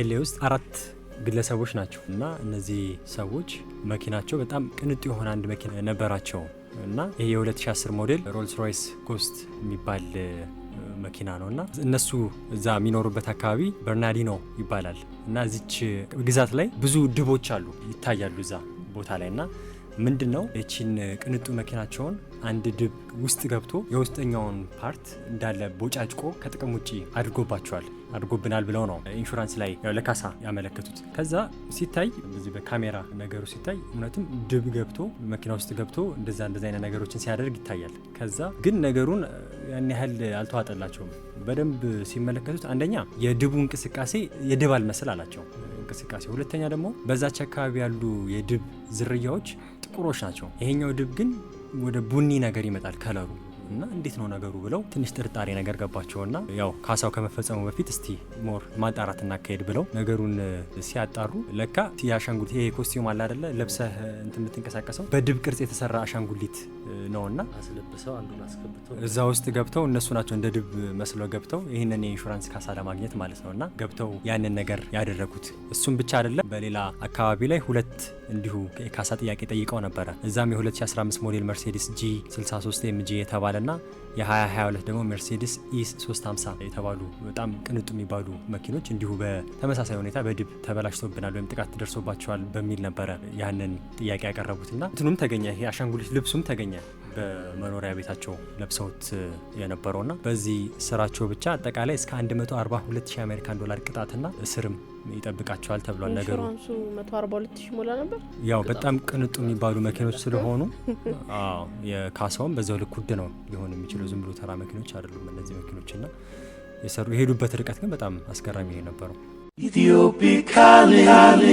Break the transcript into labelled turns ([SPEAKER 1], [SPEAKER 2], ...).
[SPEAKER 1] ኤሌ ውስጥ አራት ግለሰቦች ናቸው እና እነዚህ ሰዎች መኪናቸው በጣም ቅንጡ የሆነ አንድ መኪና ነበራቸው እና ይህ የ2010 ሞዴል ሮልስ ሮይስ ጎስት የሚባል መኪና ነው እና እነሱ እዛ የሚኖሩበት አካባቢ በርናዲኖ ይባላል እና እዚች ግዛት ላይ ብዙ ድቦች አሉ ይታያሉ እዛ ቦታ ላይ እና ምንድን ነው እቺን ቅንጡ መኪናቸውን አንድ ድብ ውስጥ ገብቶ የውስጠኛውን ፓርት እንዳለ ቦጫጭቆ ከጥቅም ውጭ አድርጎባቸዋል አድርጎብናል ብለው ነው ኢንሹራንስ ላይ ለካሳ ያመለከቱት። ከዛ ሲታይ በዚህ በካሜራ ነገሩ ሲታይ እውነትም ድብ ገብቶ መኪና ውስጥ ገብቶ እንደዛ እንደዛ አይነት ነገሮችን ሲያደርግ ይታያል። ከዛ ግን ነገሩን ያን ያህል አልተዋጠላቸውም። በደንብ ሲመለከቱት አንደኛ የድቡ እንቅስቃሴ የድብ አልመስል አላቸው እንቅስቃሴ፣ ሁለተኛ ደግሞ በዛች አካባቢ ያሉ የድብ ዝርያዎች ጥቁሮች ናቸው። ይሄኛው ድብ ግን ወደ ቡኒ ነገር ይመጣል ከለሩ እና እንዴት ነው ነገሩ ብለው ትንሽ ጥርጣሬ ነገር ገባቸውና ያው ካሳው ከመፈጸሙ በፊት እስቲ ሞር ማጣራት እናካሄድ ብለው ነገሩን ሲያጣሩ ለካ የአሻንጉሊት ይሄ ኮስቲዩም አለ አደለ ለብሰህ እንትን የምትንቀሳቀሰው በድብ ቅርጽ የተሰራ አሻንጉሊት ነውና እዛ ውስጥ ገብተው እነሱ ናቸው እንደ ድብ መስለው ገብተው ይህንን የኢንሹራንስ ካሳ ለማግኘት ማለት ነውና ገብተው ያንን ነገር ያደረጉት። እሱም ብቻ አይደለም፣ በሌላ አካባቢ ላይ ሁለት እንዲሁ የካሳ ጥያቄ ጠይቀው ነበረ። እዛም የ2015 ሞዴል መርሴዲስ ጂ 63 ኤምጂ የተባለና የ2022 ደግሞ ሜርሴዲስ ኢስ 350 የተባሉ በጣም ቅንጡ የሚባሉ መኪኖች እንዲሁ በተመሳሳይ ሁኔታ በድብ ተበላሽቶብናል ወይም ጥቃት ደርሶባቸዋል በሚል ነበረ ያንን ጥያቄ ና እንትኑም ተገኘ፣ ይሄ አሻንጉሊት ልብሱም ተገኘ። በመኖሪያ ቤታቸው ለብሰውት የነበረውና በዚህ ስራቸው ብቻ አጠቃላይ እስከ 142 ሺህ አሜሪካን ዶላር ቅጣትና እስርም ይጠብቃቸዋል ተብሏል። ነገሩ ያው በጣም ቅንጡ የሚባሉ መኪኖች ስለሆኑ የካሳውም በዚያው ልክ ውድ ነው ሊሆን የሚችለው። ዝም ብሎ ተራ መኪኖች አይደሉም እነዚህ መኪኖች ና የሰሩ የሄዱበት ርቀት ግን በጣም አስገራሚ ነበረው። ኢትዮፒካሊ